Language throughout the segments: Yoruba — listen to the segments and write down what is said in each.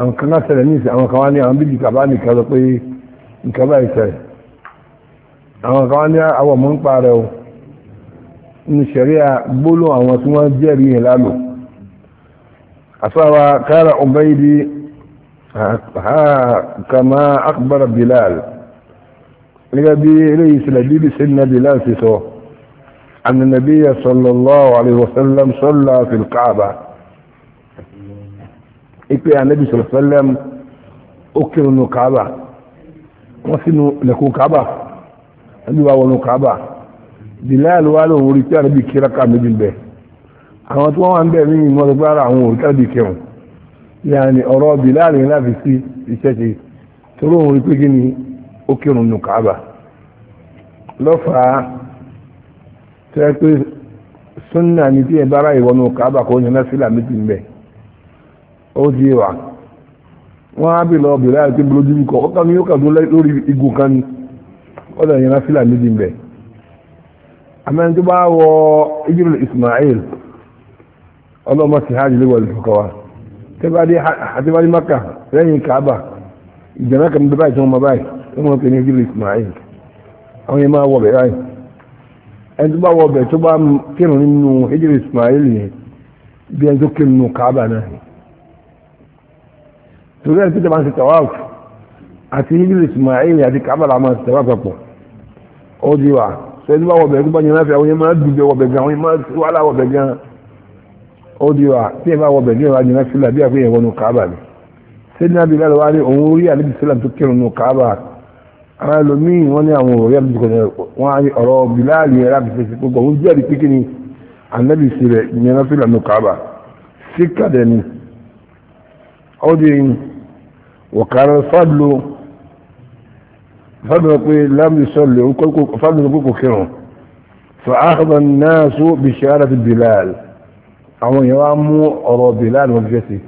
àwọn kan náà ṣẹlẹ̀ ní ìsìn àwọn kan wá ní àwọn bíbí kàbá nìkan lọ pé nǹkan báyìí ṣẹlẹ̀ àwọn kan wá ní àwọn ọmọ ń pa rẹ o ní ṣẹ̀ríà gbólóhùn àwọn tí wọ́n jẹ́rìí yẹn lálò àfáwa kára ọ̀bẹ́yìdì kàmá akbar bilal gẹ́gẹ́ bí eléyìí ṣẹlẹ̀ bíbí sẹ́yìn bilal ti sọ أن النبي صلى الله عليه وسلم صلى في الكعبة ipe anabi sọ̀rọ̀ sẹ́lẹ̀m ó kírun nù kaaba wọ́n sínú lẹ́kùn kaaba anabi wà wọnú kaaba bilal wà lóun orí pé anabi kíra ká anabi bẹ́ẹ̀ àwọn tí wà ń bẹ̀ ní ìmọ̀ tó gbára àwọn òrùka bí kẹrùn yàní ọ̀rọ̀ bilal yẹn láti sí iṣẹ́ ṣe torí òun rí pé ó kírun nù kaaba lọ́fàá tẹ́ pé sunna ni tí ẹ bára ìwọ́nù kaaba kò ní násìlà méjì ń bẹ́ẹ̀ o di wà wọ́n á bè lọ bèrè àti bolójú kọ ó o ka ó kàn tó lórí igun kan ni ó lè yẹn fílà méjì ń bẹ̀ tó bá wọ ismail ọlọ́mọ sí hajj lè wọlé fọkọ wa tẹ́bàdé maka lẹ́yìn kaaba ìjọba kan bẹ báyìí tí wọ́n ma báyìí tí wọ́n ní ibril ismail àwọn yẹn máa wọ bẹ̀ báyìí ẹni tó bá wọ bẹ̀ tó bá kírun nínú ibril ismail yẹn bí ẹni tó kírun nínú kaaba náà torí ẹni títẹ̀ máa ń ṣe tàwáàfù àti hídírì ismaili àti kábàlà máa ń ṣe tàwáàfù pọ̀ ó di wa sẹ́ni bá wọ̀bẹ̀ gbọ́n yẹn láfẹ́ àwọn yẹn máa dùn bẹ wọ̀bẹ̀ gan àwọn yẹn máa wàhálà wọ̀bẹ̀ gan ó di wa tí ẹ bá wọ̀bẹ̀ ní ìwà yẹn láfẹ́ làbí àgbẹ̀ yẹn wọnú kábà ni sẹ́ni àbí lálẹ́ wa ní òun orí àlebi sílẹ̀ tó kírun nù kábà ara lomiin wọn ní àwọn òrí àlebi kọjá wọn á ọ̀rọ̀ bilali yẹn láti fèsì gbogbo òun jẹ́ àdìpé ni àlebi sílẹ̀ yẹn láfẹ́ lànà kábà síkàdẹ̀ ni ó di وكان الفضل فضل يقول لم يصلي فضل يقول كيرو فأخذ الناس بشارة بلال أو يراموا أرو بلال وجهته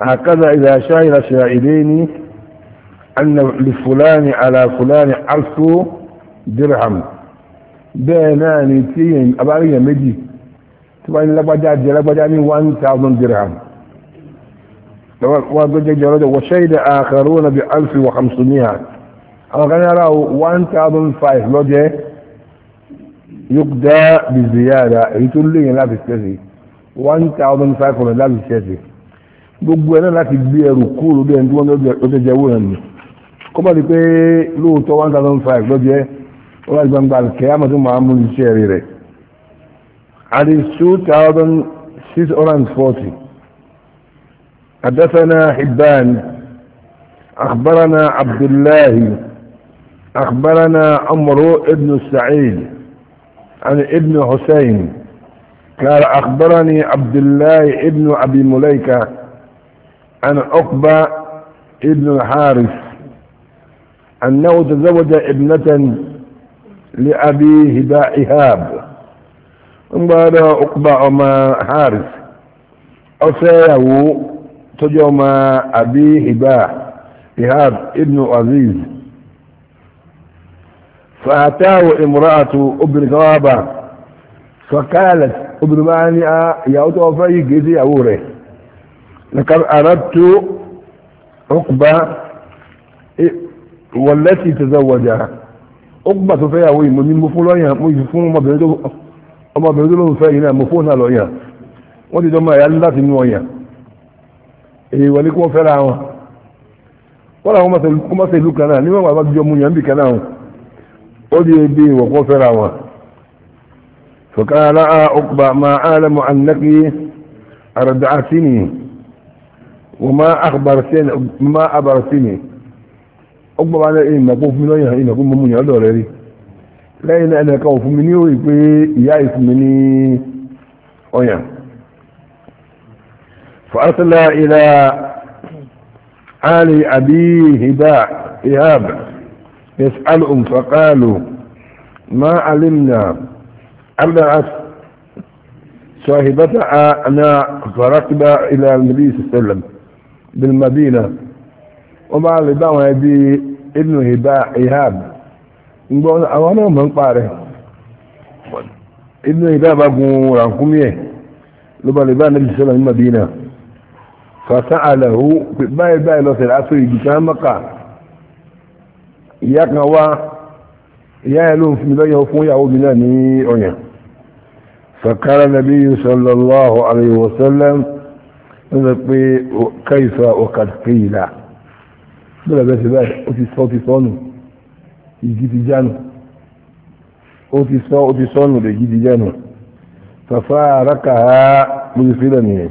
هكذا إذا شاهد شاهدين أن لفلان على فلان ألف درهم بينان تيم أبارية مجي تبعين لبجاج لبجاني 1000 درهم وشهد آخرون بألف وخمسمائة أنا كان يرى 1005 لوجه يقدى بزيادة يقول لي لا تستفي 1005 لا تستفي gbogbo ẹ̀nà láti gbé ẹrù kúrò lórí ẹni tí wọ́n lọ́jọ́ jẹ́wó rẹ̀ nù kọ́ bá di pé lóòótọ́ 1005 lọ́jẹ́ wọ́n láti gbangba alkẹ́ àmọ́tí máa mú iṣẹ́ rẹ̀ àti 2640 حدثنا حبان أخبرنا عبد الله أخبرنا عمرو ابن السعيد عن ابن حسين قال أخبرني عبد الله ابن أبي مليكة عن عقبة ابن الحارث أنه تزوج ابنة لأبي هباء إهاب انبارا عقبة أما حارث أسيه tọ́jọ́ ọmọ àbí ìbá ihab ibn aziz fàtàwọ̀ ìmúratù obìnrin kan wá bá fàkàlẹ̀ obìnrin máa ní ìyàwó tó fẹ́ yìí gẹ́sí ìyàwó rẹ̀ nìkan àràtú ọkùnbá wọ̀lẹ́tì tẹ̀sẹ̀wọ̀jà ọkùnbá tó fẹ́ ìyàwó yìí mo ní mo fún lọ́yàn mo yìí fún ọmọbìnrin tó lóun fẹ́ yìí náà mo fún náà lọ́yàn wọ́n ti jọ máa láti nú ọyàn èyí wà ní wa wọ́n fẹ́ra wọn wọ́n làwọn kọ́mọ́sẹ̀ ìlú kan náà níwọ̀n bàbá jọ mu yàn bì kan náà ó di ebi ìwọ̀ kọ́ fẹ́ra wọn. فقال أقبى ما أعلم أنك أردعتني وما أخبرتني ما أبرتني أقبى على إيه ما قوف من وين lẹ́yìn náà فأطلع إلى آل أبي هباء إهاب يسألهم فقالوا ما علمنا أبلغت صاحبتنا فركب إلى النبي صلى الله عليه وسلم بالمدينة ومع لبعض يبي ابن هباء إهاب نقول أولا من قاره ابن هباء بقول عنكم يه لبعض النبي صلى الله عليه وسلم بالمدينة فسأله باي باي لو سلعته يجيكا مقا إياك نوا يا لون في ملايه وفون يعود لناني أونيا فقال النبي صلى الله عليه وسلم كيف وقد قيل بلا بس باي أتي صوتي صونو يجيتي جانو أتي صوتي صونو يجيتي جانو ففارقها مجفلا منه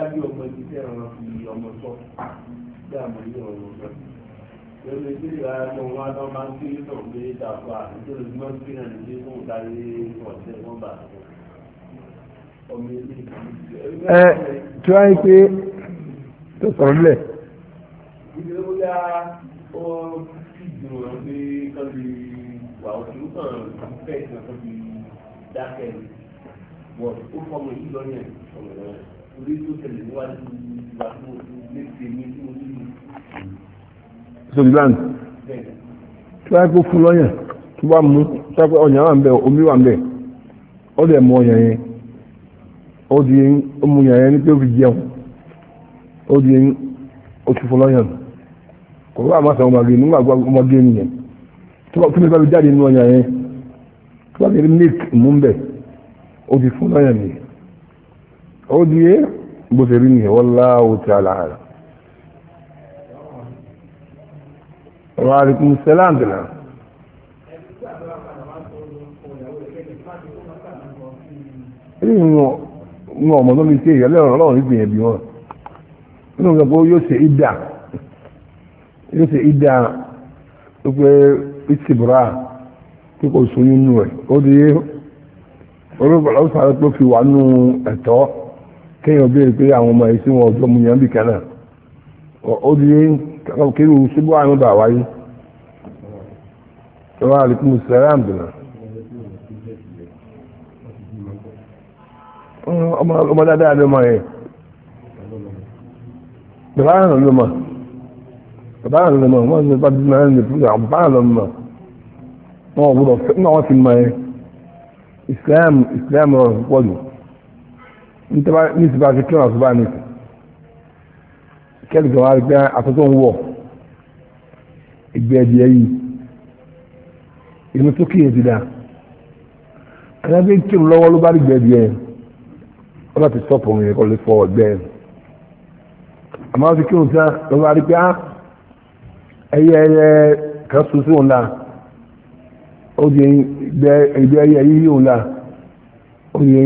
bóyá bí ọmọ ibi tí àwọn fi ọmọ sọ bí àmọ́ ilé ọmọ sọ lórí tí ìlà ẹ̀kọ́ wọn á máa ń kiri náà gbé dàpọ̀ àtúntò tí wọ́n ń kiri náà fún ìdarí ọ̀sẹ̀ wọn bà ọmọ ilé ẹ tí wọ́n á pé tó sọ̀rọ̀ lẹ̀. ilé bóyá ó fìdí wọn pé kán lè wà ó fẹ́ẹ̀ kan tó fi dákẹ́ ni. wọ́n ó fọmọ yìí lọ yẹn orí tó tẹ̀lé níwájú ìgbà tó mo ti lé tèmi tí mo nílò. sèdílán omi di ọmọ ọ̀yàn yẹn ní pé ó fi di oṣù fún lọ́yàn kò wá àmọ́ sàn ọmọge nígbà ọmọge nìyẹn tó bá tó bá jáde nínú ọ̀yàn yẹn tó bá milk mú ń ó ti fún lọ́yà mi ó di é bó ṣe rí nìyẹn wallahu ta'ala a'lam wa alaikum salam àǹdìlà èyí ń ọmọ tó mi ṣe ìyàlẹ́ ọ̀rọ̀ ọ̀rọ̀ nígbìyànjú wọn nínú ìgbà pé yóò ṣe ìdá yóò ṣe ìdá pé tí kò sóyún nù ó di olóògbà lọ́wọ́sà rẹ̀ tó fi wà nù ẹ̀tọ́ kéèyàn béèrè pé àwọn ọmọ yìí sí wọn ọjọ́ mu yàn bì kan náà ó di kéwì ṣubú àrùn bà wáyé wa alaikum salam bìnà. ọmọ dáadáa ló mọ yẹn bàbá àrùn ló mọ bàbá àrùn ló mọ wọn ní bá bí mọ ẹni fún bàbá àrùn ló mọ wọn ò gbọ́dọ̀ fẹ́ náà wọn ti mọ yẹn islam islam rọrùn púpọ̀ jù nítorí bá fi kíran àtúbà ní kẹ́lì kan wá rí pé àtúntò ń wọ̀ ìgbẹ́ ẹ̀dì ẹ̀yìn ìlú tó kíyè ti dá alábẹ́ kírun lọ́wọ́ ló bá rí gbẹ̀dì ẹ̀ wọ́n láti sọ́pọ̀ òun yẹn kọ́ lè fọ ọ̀gbẹ́ ẹ̀ àmọ́ fi kírun tán lọ́wọ́ rí pé ah, ẹyẹ ẹyẹ kan ṣoṣo ńlá oye ìgbẹ́ ayé ayé yóò la oye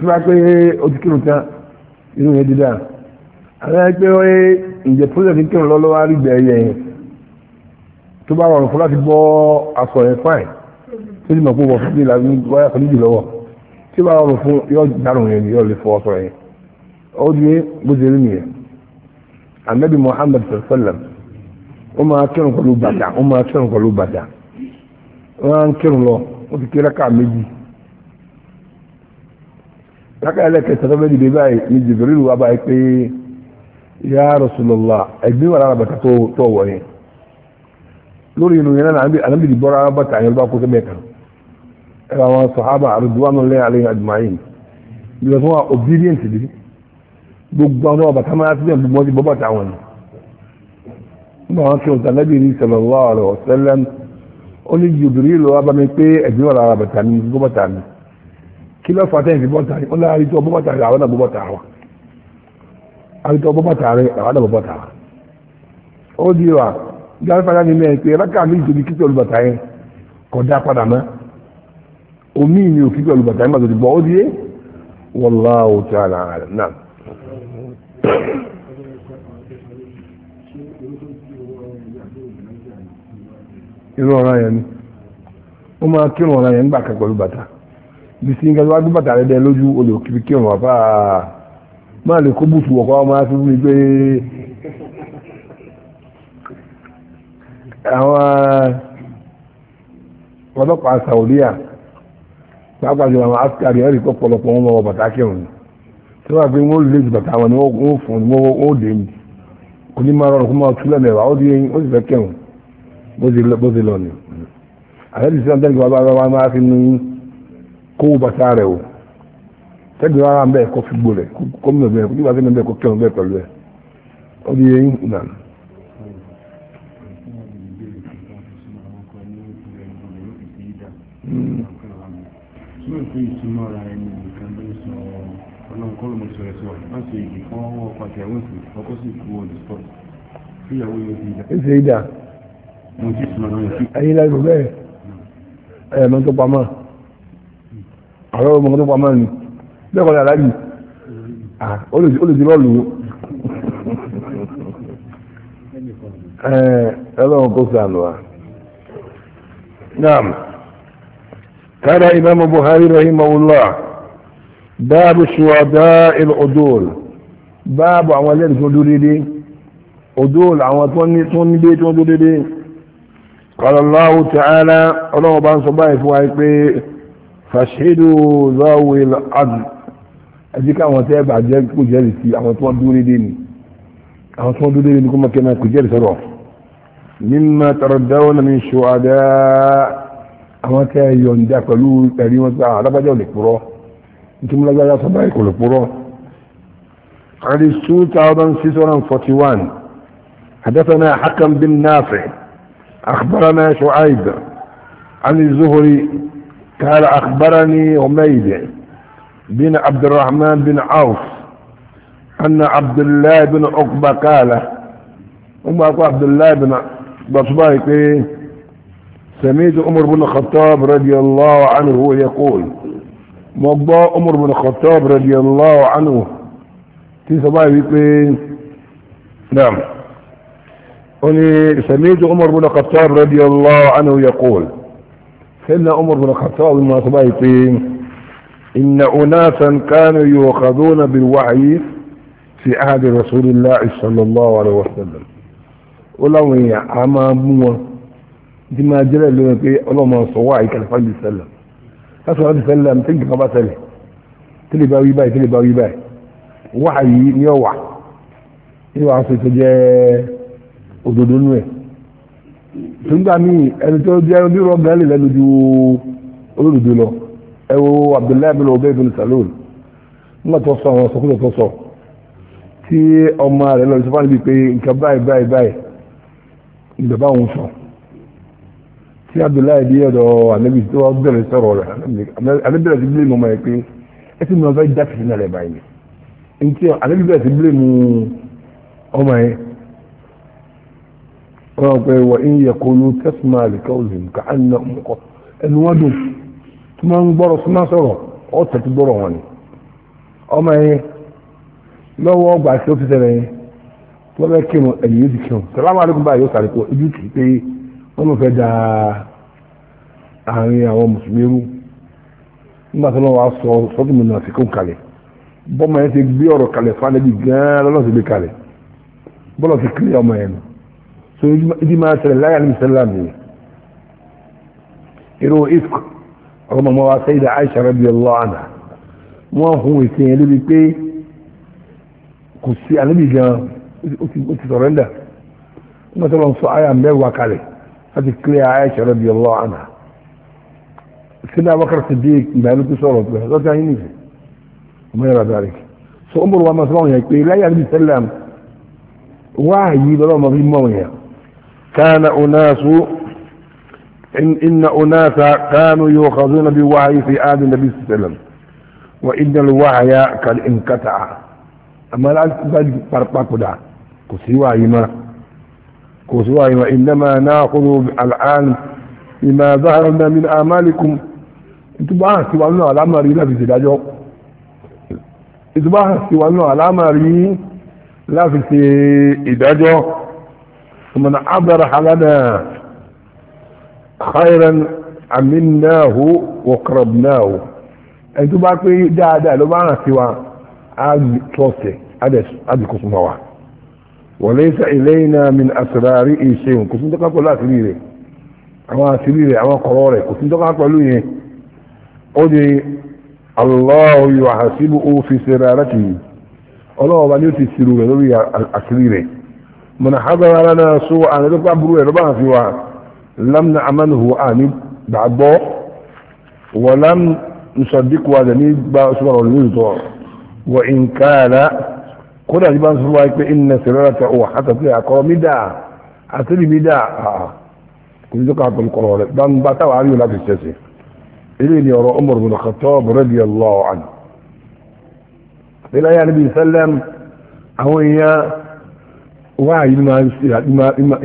tí wọ́n pé o ti kírun tán inú yẹn dídá àwọn ẹgbẹ́ pé ǹjẹ́ pọ́sẹ̀tì kírun lọ́lọ́wọ́ rí gbẹ́ ayé yẹn tó bá rọrùn fún láti bọ́ aṣọ yẹn fáìn tó ti mọ̀ pé wọ́n fún mi láti wáyà kan níjì lọ́wọ́ tí bá rọrùn fún yọ dárùn yẹn yọ lè fọ aṣọ yẹn oye bó ti rí nìyẹn anabi muhammad sallam ó máa kírun pẹ̀lú bàtà ó máa kírun pẹ̀lú bàtà. wọ́n ń kírun lọ wọ́n ti kí rákà méjì rákà ẹlẹ́kẹ̀ẹ́sẹ̀ tó bẹ́ẹ̀ dìde báyìí ni Jibril wà báyìí pé ya Rasulullah ẹ̀gbẹ́ wà lára bàtà tó wọ̀ yẹn lórí inú yẹn náà ànábì dì bọ́ra bàtà yẹn bá kó sẹ́bẹ̀ kan ẹ̀rọ àwọn sàhábà ridwanullahi alayhim ajma'in bí wọ́n wà obedient gbogbo àwọn máa gbogbo bọ́ bàtà wọn ni. wọn kí wọn ó ní jùbìrí lọ wá bá mi pé ẹ̀bí wà lára bàtà mi bó bàtà mi kí ló fà tẹ́yìn fi bọ́tà mi ó lára rí tó bó bàtà rẹ̀ àwọn náà bó bàtà wa àrí tó bó bàtà rẹ̀ àwọn náà bó bàtà wa ó di wa gárí fàdá mi mẹ́rin pé rákà mi ìtòbi kí pẹ̀lú bàtà yẹn kò padà mọ́ omi mi ò kí pẹ̀lú bàtà yẹn bàtà ti bọ̀ ó di yé wallahu ta'ala irú ọ̀rọ̀ yẹn ni ó máa kírun ọ̀rọ̀ yẹn nígbà kan pẹ̀lú bàtà bí sí nǹkan tó wá gbé bàtà rẹ̀ dẹ́ lójú olè òkìrì kírun àbá máa lè kó bùtù ọmọ á pé àwọn ọlọ́pàá pàápàá jùlọ àwọn ẹ̀rí kọ́ pọ̀lọpọ̀ wọn wọ bàtà kírun ni tí wọ́n pè wọ́n lè ju bàtà wọn ni wọ́n fún wọn ó dé bó ti lọ ni àlẹ́bí sí ọ̀dẹ́gbẹ̀ wà bá wà máa fi ní kó bàtà rẹ̀ o tẹ́gbẹ̀ wà ń bẹ̀ kó fi gbò rẹ̀ kó mú bẹ̀ kó fi bẹ̀ kó kẹ́hùn bẹ̀ pẹ̀lú ẹ̀ ó di eyín ìlànà. Hmm. ọlọ́run kọ́ ló mọ̀ sọ̀rọ̀ sọ̀rọ̀ láti ìdí ọkọ̀ àti ẹ̀wọ̀n ìfọ̀kọ́sí ìkú ọ̀dùsọ̀ fíyàwó yóò fi dà ẹ̀yìn lẹ́nu bẹ́ẹ̀ ẹ̀ mọ́ tó pamọ́ àwọn ọmọ tó pamọ́ ni bẹ́ẹ̀ kọ́ ni aláàjì olùdílọ́ lò ó ẹlọ́run kó sànù wa naam قال إمام بخاري رحمه الله باب شهداء العدول باب àwọn ẹlẹ́rìí tó dúró dédé òdòl àwọn tó ní tó ní dé tó dúró dédé قال الله تعالى الله بان صباح فوائد فاشهدوا ذوي العدل اجي كان وتابع جل كجل في اما تو دوري دين اما تو دوري دين كما كان كجل سرو مما تردون من شهداء اما كان يون دا كلو دريو سا لا با جو لبرو انت ملا جا صباح كلو برو حديث 2041 حدثنا حكم بن نافع أخبرنا شعيب عن الزهري قال أخبرني عميد بن عبد الرحمن بن عوف أن عبد الله بن عقبة قال أم عبد الله بن بصبايك سميت عمر بن الخطاب رضي الله عنه يقول مضى عمر بن الخطاب رضي الله عنه في صبايك نعم أني سميت عمر بن الخطاب رضي الله عنه يقول سيدنا عمر بن الخطاب ما صبايتين إن أناسا كانوا يؤخذون بالوحي في عهد رسول الله صلى الله عليه وسلم ولو أما مو ديما جرى لنا في علماء صواعي كان صلى الله عليه وسلم تنجي تلقى سلم تلي باوي باي تلي باوي باي وحي يوحي يوحي تجاه òdòdó nú ẹ̀ nígbà míì ẹni tó jẹ́ onírọ̀ gánlè lẹ́nu ju olódodo lọ ẹ wo Abdullahi bin Ubay bin Salul nígbà tó sọ àwọn sọkúlọ tó sọ tí ọmọ rẹ̀ lọ sọ fáwọn ibi pé nǹkan báyìí báyìí báyìí ìjọba òun sọ tí Abdullahi bí ọ̀dọ̀ anabi tó wà bẹ̀rẹ̀ sọ̀rọ̀ rẹ̀ anabi bẹ̀rẹ̀ sí bílẹ̀ mọ́ ọmọ yẹn pé ẹ ti mú ọ fẹ́ dá fìtínà báyìí ntí anabi bẹ̀rẹ̀ sí bílẹ̀ mú ọmọ yẹn. رابع وإن يقولوا تسمع لقولهم كأنهم انودوا ثم انبروا سما سروا ọ̀tẹ̀ ti gbọ́rọ̀ wọn ni ọmọ yẹn lọ́wọ́ ọgbà tí ó fi sẹ́lẹ̀ yẹn tó bẹ́ẹ̀ kírun ẹ̀yìn yóò ti kírun sàlámù alẹ́kùn báyìí yóò sàlẹ̀ kó ojú kì í pé wọ́n mọ̀ fẹ́ da àárín àwọn mùsùlùmí rú nígbà tó lọ́wọ́ sọ sọ́dún so ìdí máa ṣẹlẹ̀ láyà ní sẹ́lám ni irú ifk ọmọ ọmọ wa sayida aisha radiyallahu anha wọ́n hun ètò yẹn lébi pé kò sí àlébi gan ó ti sọ̀rẹ́ndà wọ́n sọ̀rọ̀ ń sọ àyà mẹ́wàá kalẹ̀ láti kílẹ̀ aisha radiyallahu anha sínú abakar siddiq ìgbàlú tó sọ̀rọ̀ pé lọ́tí ayé nìyí ọmọ yàrá dárí so ó ń bọ̀ wá máa sọ̀rọ̀ yẹn pé láyà ní sẹ́lám wáàyí lọ́wọ́ ọmọ bí mọ̀ yẹn كان أناس إن, إن أناس كانوا يؤخذون بوعي في عهد النبي صلى الله عليه وسلم وإن الوعي قد انقطع أما الآن قد دا كسواه ما كسواه ما إنما نأخذ الآن بما ظهر لنا من أعمالكم سوى سوالنا على أمري لا في سلاجه سوى سوالنا على أمري لا في سلاجه فمن عبرح لنا خيرا عملناه وقربناه انتو باكو دا دا لو معنا سوا عاد توسي عدس عاد كسموا وليس الينا من اسرار شيء كنت تقول لا سريري اما سريري او قروري كنت تقول إيه؟ لي قدي الله يحاسبه في سرارته الله بني تسيرو بني تسيرو من حضر لنا سوءا لقى بروي يربان في لم نعمله آني بعضه ولم نصدقه هذا ني سوء المزدور وإن كان آه. كل أجبان سوائك إن سرارة حتى فيها قرمدا أتري بدا كل ذكاة القرآن بان باتوا عليه لا تستسي إلين يرى عمر بن الخطاب رضي الله عنه إلى يا نبي سلم أو إياه wáyé ni máa ń ṣe àti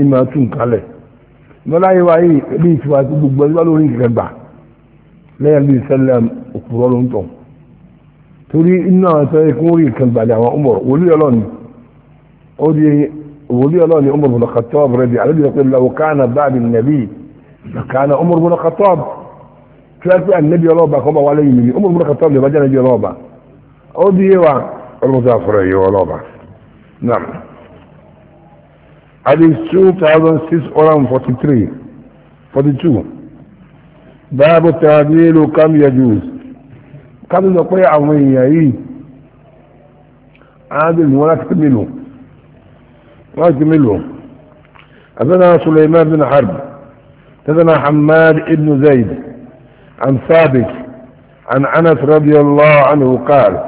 ni máa tún kalẹ̀ lọ́láyé wáyé bí ìtura tó gbogbo ẹgbẹ́ lórí nǹkan gbà lẹ́yìn bí sẹ́lẹ̀ òkúrọ́ ló ń tọ̀ torí iná àti ẹkún orí nǹkan gbà ní àwọn ọmọ wòlíì ọlọ́ni ó di wòlíì ọlọ́ni ọmọ bùnà kàtọ́ bẹ̀rẹ̀ bí alẹ́ bí wọ́n pe lọ́wọ́ kánà báàbí nàbí kánà ọmọ bùnà kàtọ́ tíwájú ànábì ọlọ́ọ̀bà kọ́ bá wà lẹ́yìn mi ọmọ bùnà kàtọ́ bẹ̀rẹ̀ bá jẹ́ ànábì ọlọ́ọ̀bà ó di yé wa ọlọ́mọdé àfọ̀rọ̀ yìí ọlọ́ọ̀bà náà. حديث 2643 42 باب التعديل كم يجوز كم نقول عميائي عادل ولا تكمله ولا تكمله أذنا سليمان بن حرب أذنا حماد بن زيد عن ثابت عن أنس رضي الله عنه قال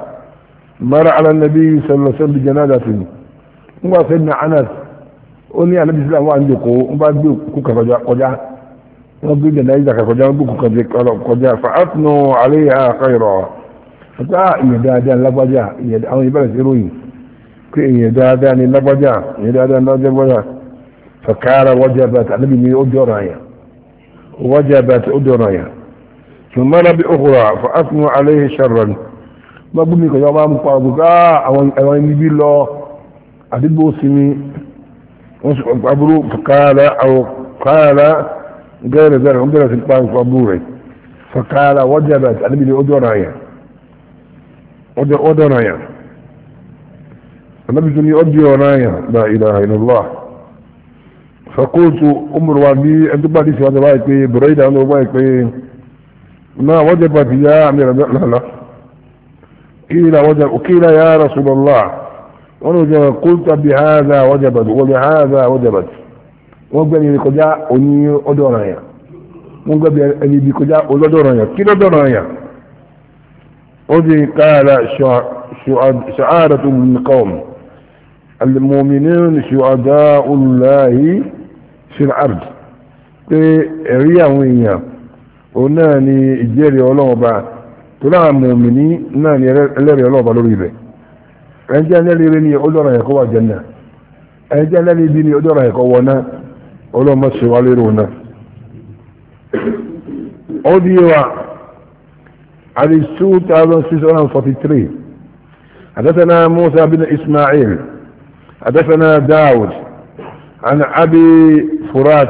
مر على النبي صلى الله عليه وسلم بجنازة سيدنا أنس ó ní ànábì sílẹ̀ wà ní ìjòkó wọ́n bá gbé òkú kọjá wọ́n gbé dẹ̀dá ìjà kọjá wọ́n gbé òkú kọjá fàátùnú àlẹ́ àkàrọ̀ ọ̀tá ìyẹn dáadáa lágbájá àwọn ìbẹ̀rẹ̀ sí ròyìn pé ìyẹn dáadáa ní lágbájá ìyẹn dáadáa ní lágbájá fàkàrà wọ́jà bàtà ànábì ní ó jọra yẹn wọ́jà bàtà ó jọra yẹn أبرو فقال أو قال غير ذلك هم درس القرآن فأبوري فقال وجبت أنا بدي أدرعي أدرعي أنا بدي أدرعي لا إله إلا الله فقلت أمر وابي أنت بعد في هذا بايك بريدة أنا بايك ما وجبت يا أمير لا لا إلى وجب وكيل يا رسول الله ونجا قلت بهذا وجبت وبهذا وجبت وقال لي كجا أني أدورانيا وقال لي بكجا أدورانيا كلا أدورانيا وذي قال شعارة من قوم المؤمنين شهداء الله في الأرض ريا ويا وناني جيري ولوبا تلا مؤمنين ناني لري ولوبا لوري ẹni tí a lẹ́rìí rí ni olóòrò ẹ̀kọ́ wà jẹ́nà ẹni tí a lẹ́rìí bí ni olóòrò wọ náà olóòmọ sí wa lérò ó di wa àti two thousand six hundred and forty three حدثنا موسى بن إسماعيل حدثنا داود عن أبي فرات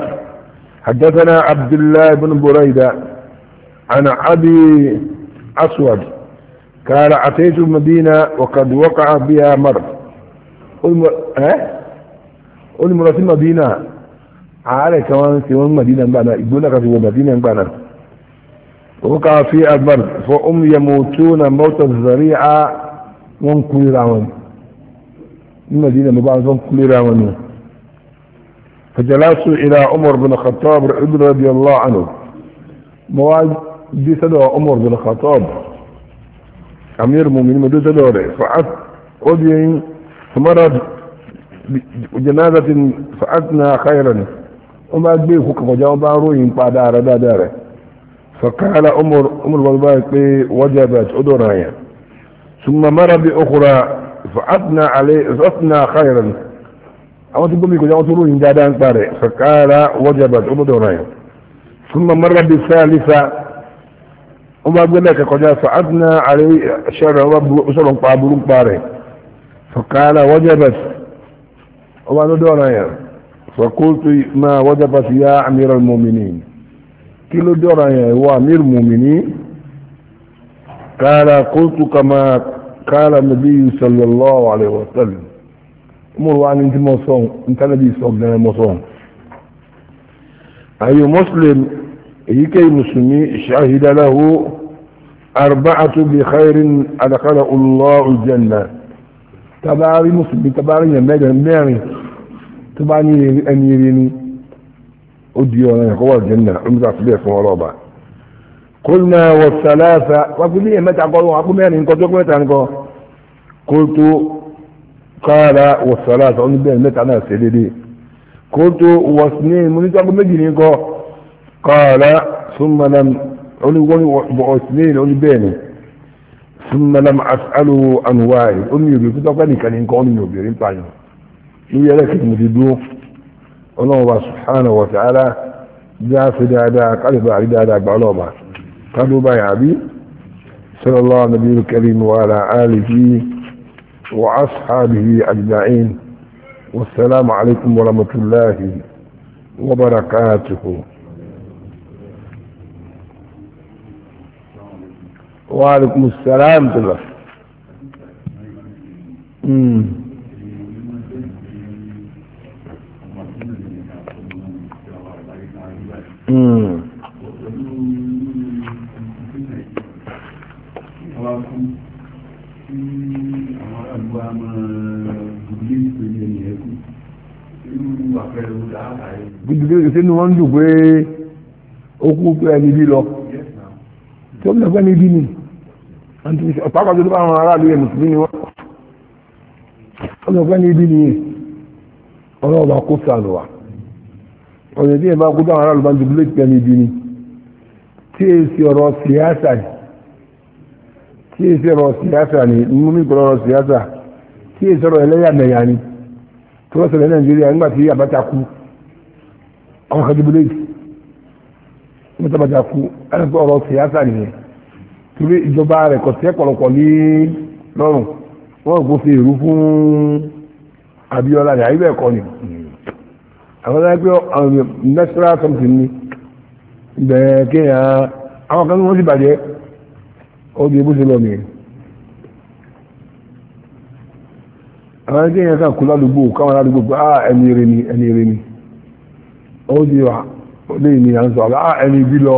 حدثنا عبد الله بن بريدة عن أبي أسود قال أتيت المدينة وقد وقع بها مر قل قل في المدينة عالي كمان في المدينة بانا يقول لك المدينة بانا وقع فيها المر فهم يموتون موت من كل راون المدينة من كل راون فجلسوا إلى عمر بن الخطاب رضي الله عنه مواد دي سدوا عمر بن الخطاب amir mumin mo dosa dore fa'at odiyin marad janazatin fa'atna khairan o ma gbe ku ko ja o ba royin pa dara dada re fa qala umar umar wal ba pe wajabat uduraya thumma mara bi ukhra fa'atna alay fa'atna khairan awon ti gomi ko ja o royin dada n pare fa qala wajabat uduraya thumma mara bi salisa وما أقول لك قد فعدنا عليه شرع وصل قابل قارئ فقال وجبت وما ندور فقلت ما وجبت يا أمير المؤمنين كيلو دورا يا هو أمير المؤمنين قال قلت كما قال النبي صلى الله عليه وسلم مر وعن انت مصون انت نبي صلى الله عليه وسلم أي مسلم èyíkéyìí mùsùlùmí ṣàhídáláwó arba'atu bi khairin adakala Allahu janna tabari mùsùlùmí tabari yẹn mẹ́jọ mẹ́rin tó bá ní ẹni rí ni ó di ọ̀rọ̀ yẹn kó wà janna oníta sílẹ̀ fún ọlọ́ọ̀bà kólúnà wọ sàlẹ́sà wákú ní ẹ̀mẹ́ta kọ́ wọn akú mẹ́rin nǹkan tó kọ́ mẹ́ta nǹkan kó tó kára wọ sàlẹ́sà ó ní bẹ́ẹ̀ mẹ́ta náà ṣe déédéé kó tó wọ sí ní mo ní tó akú méjì nǹkan قال ثم لم وعثمين أولي بيني ثم لم أسأله عن واحد أمي يبي فتوقني كان إنك أمي يبي رمتعني إيه لك مددو الله سبحانه وتعالى جاء في دادا قلب عدادا بعلوبة قالوا بايع بي صلى الله على النبي الكريم وعلى آله وأصحابه أجمعين والسلام عليكم ورحمة الله وبركاته وعليكم السلام تبارك امم wọn dùn pé ó kú pé ẹni bí lọ tó ń lọ pé ẹni bí ni ọ̀pá pàtó tó bá àwọn aráàlú yẹ mùsùlùmí ni wọ́n ọ̀nà ọ̀gbẹ́ ní ibi nìyẹn ọlọ́ọ̀bà kó sàánù wa ọ̀nà tí yẹn bá kó tó àwọn aráàlú bá ń dùbúlé ìpẹ́ ní ibi ni tí èsì ọ̀rọ̀ síyáṣà ni tí èsì ọ̀rọ̀ síyáṣà ni mú mi pẹ̀lú ọ̀rọ̀ síyáṣà tí èsì ọ̀rọ̀ ẹlẹ́yàmẹ̀yà ni tó wọ́n sọ̀rọ̀ nàìjíríà nígbà tí àbáta kú àwọn kan dùbúlé ìpẹ́ nígbà tí àbáta kú ẹ̀rọ ọ̀rọ̀ síyáṣà nìyẹn torí ìjọba rẹ̀ kò sí ẹ̀pọ̀lọpọ̀ ní lọ́rùn wọ́n kò fi èrú fún Abíọ́lá rẹ̀ àyíbẹ̀ ẹ̀kọ́ ni àwọn ẹgbẹ́ um, natural something ni bẹ̀rẹ̀ kéèyàn àwọn kan wọ́n sì bàjẹ́ ó di ebúṣe lọ nìyẹn àwọn kéèyàn kan kú ládùúgbò káwọn ládùúgbò pé ah ẹni eré ni ẹni eré ni ó di wà lẹ́yìn ni à ń sọ àbá ah ẹni bí lọ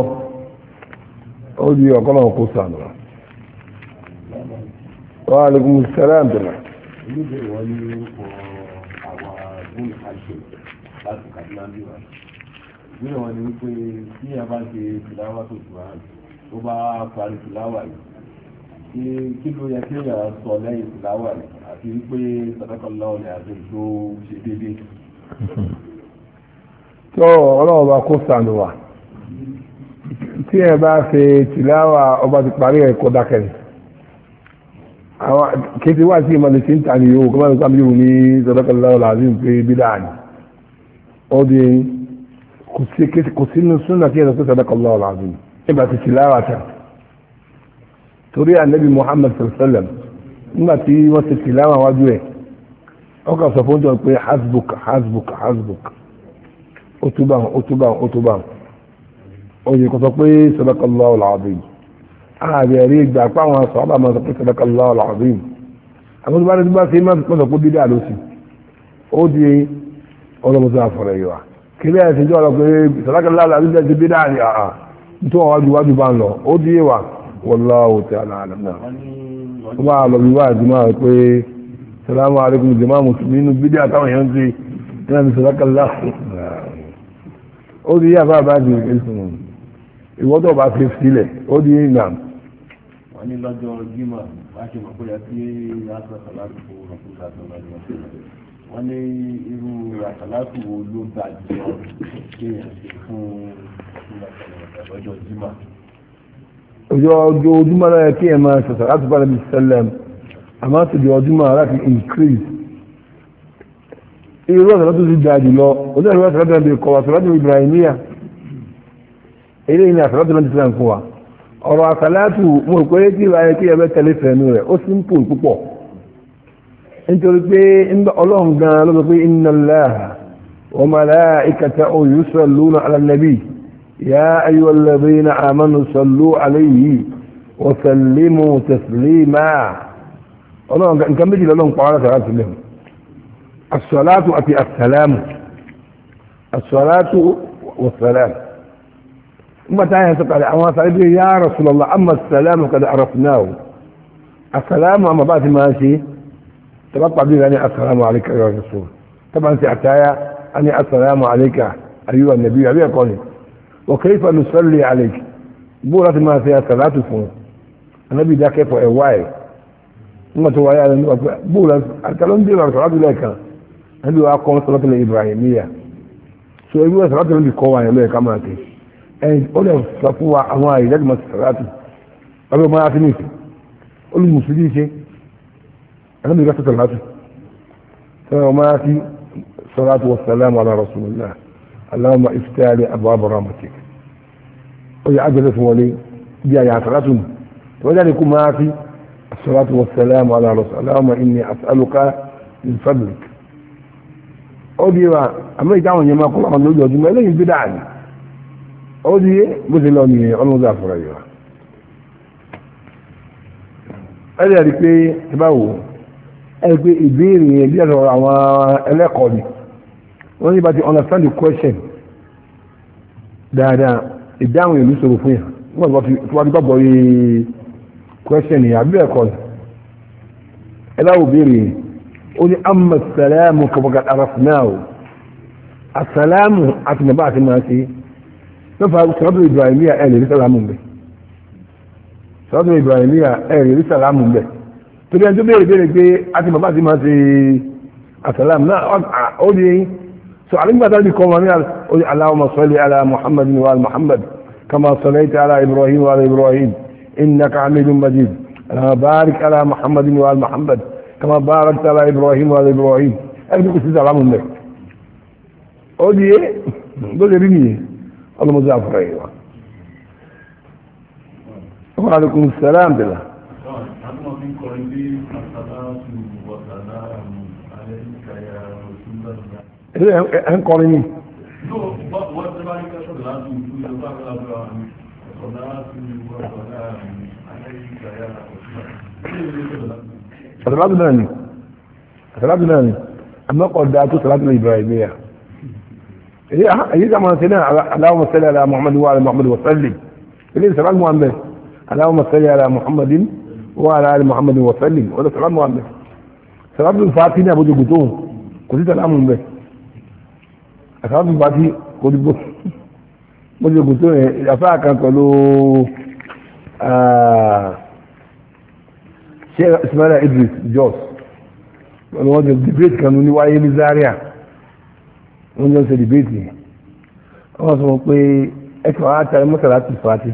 ó di ọ̀kọ́lọ̀ kó sànù wa. wa alaikum salaam àǹtẹ̀lá. oníbẹ̀rẹ̀ wọn ní àwọn àgbọn àṣẹ láti kàdúrà bí wa ìbílẹ̀ wọn ni wípé tí a bá ṣe fìláwà tó bá kó sànù wa tí ẹ bá ṣe tìláwà ọba ti parí ẹ̀kọ́ dákẹ́rì àwọn kéde wà sí ìmọ̀lẹ̀ tí ń tà ní yòówù kọ́mọ́ nípa mi ní sọ́dọ́kọ̀lọ́wọ́ làzim pé bídà ni ó di kò sínú súnà tí ẹ̀sọ́ sọ́dọ́kọ̀lọ́wọ́ làzim nígbà tí tìláwà tà torí ànábì Muhammad sallam nígbà tí wọ́n ti tìláwà wájú ẹ̀ ó kà sọ fún jọ pé hasbuk hasbuk hasbuk ó túbà ó túbà ó túbà ó oyè kò sọ pé sadaqallahu al-azim ààrẹ ẹ̀rí ìgbà páwọn sọ ọ́bà máa sọ pé sadaqallahu al-azim àbúrò bá ti bá ṣe máa sọ pé bídà ló sì ó di ọlọ́mọsọ àfọ̀rẹ̀ yìí wa kílẹ̀ ẹ̀sìn jọ́ ọ̀rọ̀ pé sadaqallahu al-azim ti bídà ni àà nítorí wọn wájú wájú bá ń lọ ó di wa wallahu ta'ala a'lam ó di yá bá bá ìwọ́dọ̀ bá fi sílẹ̀ ó di ìgbà. wọ́n ní lọ́jọ́ jimá bá ṣe mọ̀ pé ẹ ti àtúnṣe láti fún ọkùnrin láti ọ̀nà ìwọ̀n sílẹ̀ wọ́n ní irú àtàlátù wo ló gbà jùlọ kéèyàn ṣe fún ọjọ́ jimá. ọjọ́ ọjọ́ ojúmọ́ náà kéèyàn máa ṣẹ̀ṣẹ̀ láti bá nàbí sẹ́lẹ̀m àmọ́ àtòjọ́ ojúmọ́ láti increase irú àtàlátù ti gbà jùlọ onídàájú àtàlátù náà bèè kọ́ àtàlátù Ibrahimiyya eléyìí ni àsàlátù náà ti sílẹ̀ fún wa ọ̀rọ̀ àsàlátù mo rò pé tí ìwà ẹ̀kí ẹ̀bẹ̀ tẹ̀lé fẹ̀mí rẹ̀ ó sì ń pò púpọ̀ nítorí pé ọlọ́run gan ló sọ pé inna Allaha wa malaikatahu yusalluna ala nabi ya ayyuhal ladhina amanu sallu alayhi wa sallimu taslima ọlọ́run nǹkan méjì lọ́lọ́run pa ara sàlátù lẹ́mu as-salatu àti as-salamu as-salatu wa as-salamu. متى ينتقى الأموات عليه يا رسول الله أما السلام قد عرفناه السلام أما بعد ما أنشي تبطع بي لأني السلام عليك أيها الرسول طبعا في سيحتايا أني السلام عليك أيها النبي أبي أقولي وكيف نصلي عليك بولة ما فيها صلاة فون النبي ذاك كيف أهوائي ما توايا بولة أتلون دي صلاة لك النبي أقوم صلاة الإبراهيمية سوى يقول صلاة لك كوايا لك كما تيش ẹ̀yìn ó lè sọ fún wa àwọn àìlẹ́dì mọ́sálásí ọbẹ̀ ọmọ yàtí ní ìsìn olùmùsùlùmí ṣe ẹ̀lẹ́mì ìgbà sọ̀tọ̀ láti sọ̀rọ̀ ọmọ yàtí sọ̀rọ̀ wa sàlámù ala rasulillah aláwọ̀mọ̀ ìfitẹ́rẹ́ àbọ̀ rahmatik ó yẹ àgbẹ̀lẹ̀ fún wọlé bí a yàtọ̀ láti mú tó jáde kú máa fi sọ̀rọ̀ wa sàlámù ala rasulillah aláwọ̀mọ̀ inni as'aluka min fadlik ó di yé bó ti lọ nìyẹn ọlọ́mọdé àfọ̀rọ̀ yìí wa ẹ lè rí pé ẹ bá wò ẹ rí pé ìbéèrè yẹn bí ẹ̀rọ àwọn ẹlẹ́kọ̀ọ́ ni wọ́n ní bá ti understand the question dáadáa ìdáhùn ìlú sọ̀rọ̀ fún yàn wọ́n bá ti wá ti gbàgbọ́ yìí question yìí àbí ẹ̀kọ́ ni ẹ láwọ béèrè yìí ó ní amma salamu kọ̀ọ̀kan arafinawo asalamu àti nàbà àti màá ṣe é lọ́fà sọ́dún ibrahimiya ẹ̀ lè rí sàlámù bẹ̀ sọ́dún ibrahimiya ẹ̀ lè rí sàlámù bẹ̀ torí ẹni tó béèrè béèrè pé àti bàbá àti máa ṣe àsàlámù náà ó di eyín so àlẹ́gbàtà bí kọ́mọ ní aláwọ̀mọ̀ sọ́lẹ̀ ala muhammad wa muhammad kama sọ́lẹ̀tẹ̀ ala ibrahim wa ibrahim innaka hamidu majid ala barik ala muhammad wa muhammad kama barak ala ibrahim wa ibrahim ẹni tó kù sí sàlámù bẹ̀ ó di eyín ló lè rí nìyẹn ọlọ́mọdé àfọ̀rọ̀ yìí wa. Wa alaikum salaam bẹ̀rẹ̀. Ilé ẹ̀ ń kọrin ni. Àtàlátù náà ni. Àtàlátù náà ni. Àmọ́ kọ̀ dáa tó sàlátù náà Ibrahim yà èyí kà máa ń sẹ́lẹ̀ aláwọ̀ sẹ́lẹ̀ ala muhammadu wa ala muhammadu wa sallim ilé ìsàlá muhammed aláwọ̀ sẹ́lẹ̀ ala muhammadin wa ala muhammadu wa sallim ọ̀dọ̀ sàlá muhammed sàlá tó fa ti ní àbójú gbòtó kò sí sàlá mu bẹ́ àsàlá tó fa ti kò sí bójú gbòtó yẹn àfẹ́ àkànkọ́ ló ṣe Ismaila Idris Jos wọ́n ti debate kan ní wáyé ní Zaria wọ́n jọ ń ṣe dìbéètì yẹn wọ́n sọ pé ẹ kàn á tari mọ́sálà ti fà á ti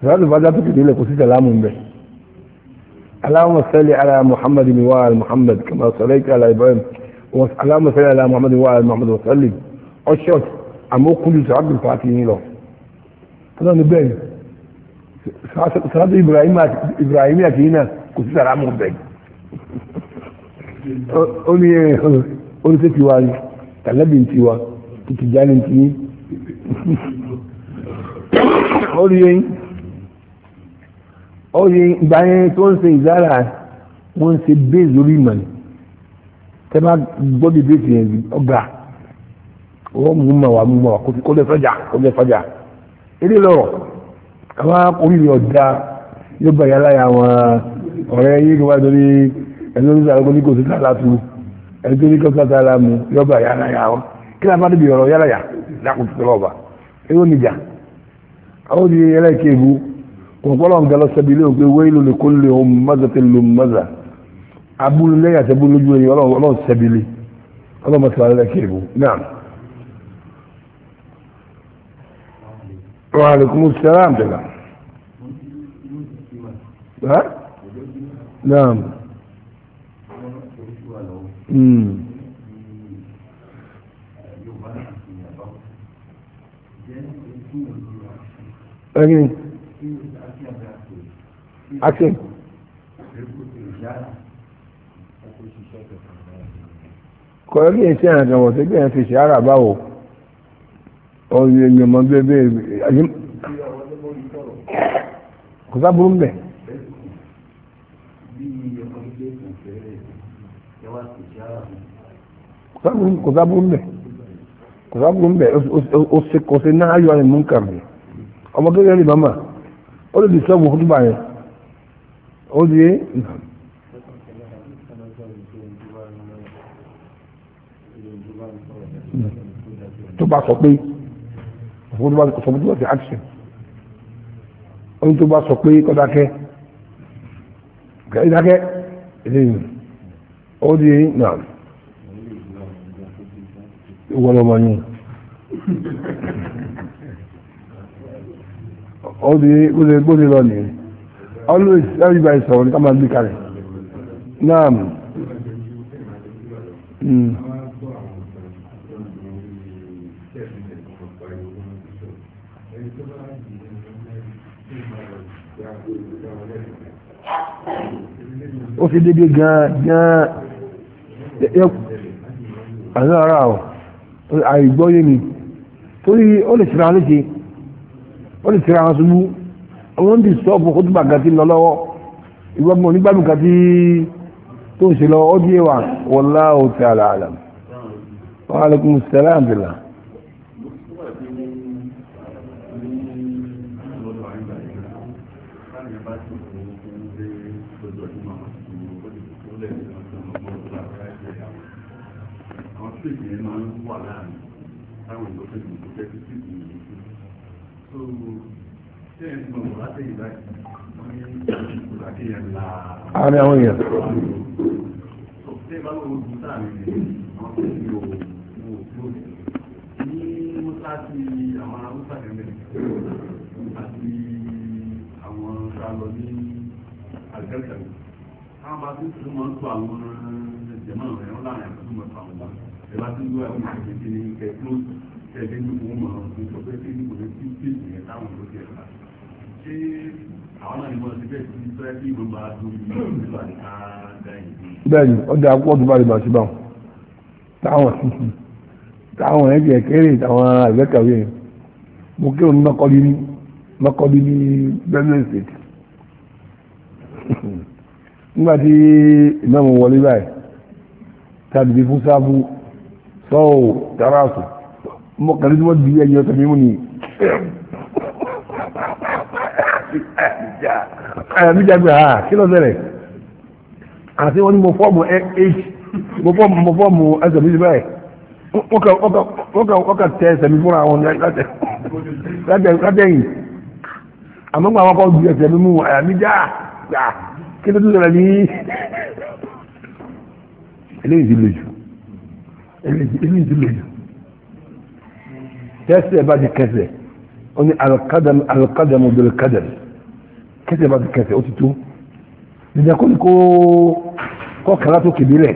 sàlátù fàájà tó kéde ilẹ̀ kò sí sàlámù ń bẹ̀ aláwọ̀ sẹ́lẹ̀ ala muhammadu ni wàhálà muhammad kama sọ̀rọ̀ ìkà ala ibrahim aláwọ̀ sẹ́lẹ̀ ala muhammadu wàhálà muhammad wàsálẹ̀ ọ̀ṣọ́t àmọ́ kúlù sàlátù fà á lọ. tọ́lá ni bẹ́ẹ̀ sàlátù ibrahim àti yín náà kò sí sàlámù ń bẹ̀. ó ní ẹ̀ ọ́n ṣe ti wá ní tàlẹ́bì tiwa títí jáde ti oríyìn oríyìn ìgbà yẹn tó se ṣe ìzára wọ́n ń ṣe bẹ́ẹ̀ lórí ìmọ̀lẹ̀ tẹ́ bá gbọ́dọ̀ bẹ́ẹ̀ fi yẹn ọgbà wọ́n mú ma wà mú ma wà kó lè fẹ́jà kó lè fẹ́jà eré lọ́rọ̀ àwọn oríire ọ̀dà yóò bá yàrá àwọn ọ̀rẹ́ yìí kí wọ́n á dọ́rí ẹni lórí ìzára kó ní kò sí sáà ẹgbẹ́ ní kọ́kọ́ tá a la mu yọba yàrá yà wọ́n kí lóò bá débi ọ̀rọ̀ yàrá yà dákùtù tó lọ́ọ̀bà èyí ò níjà àwọn òdi yàrá ìké ewu kọ̀ọ̀kọ́lọ́ nǹkan lọ sẹ́bi ilé òkè wẹ́yìn ló lè kó lè ohun mọ́tò tó lò mọ́tò abúlé lẹ́yìn àti lójú ẹ̀yìn ọlọ́run sẹ́bi ilé ọlọ́run mọ́tò wà lẹ́yìn ìké náà. Hmm. ẹ̀yìn akin kọ̀ọ́ kí n ṣe àgbàwọ̀ tó gbé yẹn fi ṣe ara báwo ọ̀rọ̀ èèyàn bẹ́ẹ̀ bẹ́ẹ̀ kò sábúrú kò sábúrú mbẹ kò sábúrú mbẹ kò sí náà ayọ̀ àyẹ̀mú nkà mi ọmọ tó yẹ ní màmá ó lè di sọ́ọ̀bù fún túbà yẹn ó di yé. tó bá sọ pé òfin tó bá sọ pé tó bá ti action ó ní tó bá sọ pé kó dákẹ́ kẹ́ dákẹ́ eléyìí ó di yé náà wọlọmọyún ọdún ìgbóse gbóse lọ ní always everybody sọ̀rọ̀ ní káàmà gbé kalẹ̀ náà O fi dédé gan-an gan-an àárá ọ̀ àìgbọ́yé ni torí ó lè ṣe ra léṣe ó lè ṣe ra ṣubú àwọn ti sọ ọ̀pọ̀ kótópà kan ti lọ lọ́wọ́ ìgbàgbọ́n onígbàdùn kan ti tó ń ṣe lọ ọ́ díẹ̀ wà wallahu ta'ala alam wa alaikum salaam billah. mistake yẹn máa ń wà láàrin táwọn èèyàn fẹ́ lòdì fẹ́ fi síbi yìí sí so ṣé ẹ̀ ń mọ̀ látẹ̀yìn báyìí wọ́n ní ìgbà kí ẹ̀ la. àárín àwọn èèyàn. so ṣé bá wọn ojú sáàrin àwọn tó ń lo owó tó ní mọ́tà sí àwọn haúsá ẹ̀mẹ́ àti àwọn sálọ ní àgbẹ̀kẹ̀lẹ̀ àwọn bá tún tún mọ́ tó àwọn jẹ̀mọ́ rẹ̀ wọn láàrin àti tún mọ́ tó àwọn bá ẹ bá tún gbọ́ àwọn ìṣẹ̀lẹ̀ ní ẹ close ẹgbẹ́ ní owó mọ̀ ní sọ pé kí ní kò ní sí kéèkì yẹn táwọn ló ti ẹ̀ka ṣé àwọn náà ní wọ́n ti bẹ́ẹ̀ sí sọ́yẹ́ kí ìwé máa dún ní ìlú àdìká dáyìn. bẹ́ẹ̀ni ọjà pọ̀ tó bá rí bàtí bá wọn táwọn táwọn ẹgbẹ́ kéré táwọn àgbẹ́kàwé yẹn mo kí òun mọ́kọ́lí ní mọ́kọ́lí ní Benue State nígbà tí ìmọ̀ wọlé báyìí tàbí fún sáfù tọ́wọ́ tàràtù mọ́kànlẹ́ tí wọ́n di ẹyẹ ọ̀tọ̀ mímú ni àyàmíjàgbé ha ah, kí lọ sẹ́rẹ̀ àti wọ́n ní mo fọ́ọ̀mù h mo fọ́ọ̀mù mo fọ́ọ̀mù ẹsẹ̀ mi báyìí wọ́n kà tẹ ẹsẹ̀ mi fúnra wọn látẹ̀yìn àmọ́ gba àwọn kan ju ẹsẹ̀ mi mú àyàmíjà kí ló tún sọ̀rọ̀ ní eléyìí ti lè jù èmi ìdílé yìí tẹ́sẹ̀ bá di kẹsẹ̀ ó ní alkadamu alkadamu bil kadamu kẹsẹ̀ bá di kẹsẹ̀ ó ti tó nígbà kó ní kó kọ́ kàrá tó kìbí rẹ̀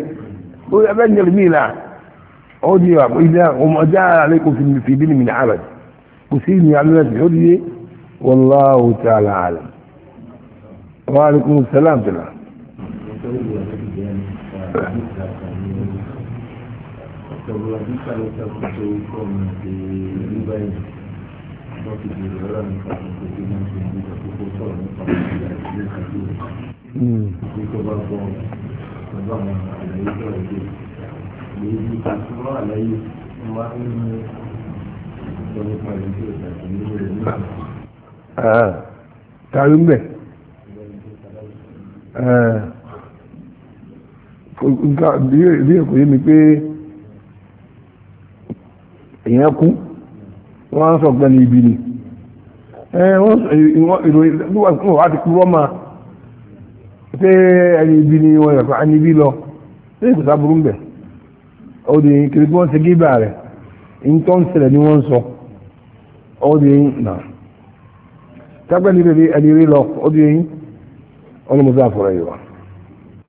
ó yẹ bẹ́ẹ̀ nyẹ̀lú mi là ó di wà ìdá ọmọdé àlẹ́ kò fi fi bí mi ní àbẹ̀ kò sí ní alẹ́ rẹ̀ ó di yé wallahu ta'ala alam wa alaikum salam tala saboda duka ya tafi so kuma da riba yin ba su ke da ran kafin ko kuma su yi da ko sauran nufa da ya kasu ko ko ba ko ba ba mu alayi ko da ke da yi bi ka su ma alayi ma in ne da mu fara yi da ta ne da ni ah ta yi mbe eh ko nka bí ẹ kò èèyàn kú wọ́n sọ pé ní ibi ni ìròyìn wà ti kú rọ́mà pé ẹni ibi ni wọ́n yàtọ̀ ẹni ibi lọ ṣé kò sábúrú ń bẹ̀ ọdún yìí kiri bí wọ́n ṣe rẹ̀ ń ṣẹlẹ̀ ni wọ́n sọ ọdún yìí nà tábẹ́ni ẹni rí lọ ọdún yìí yìí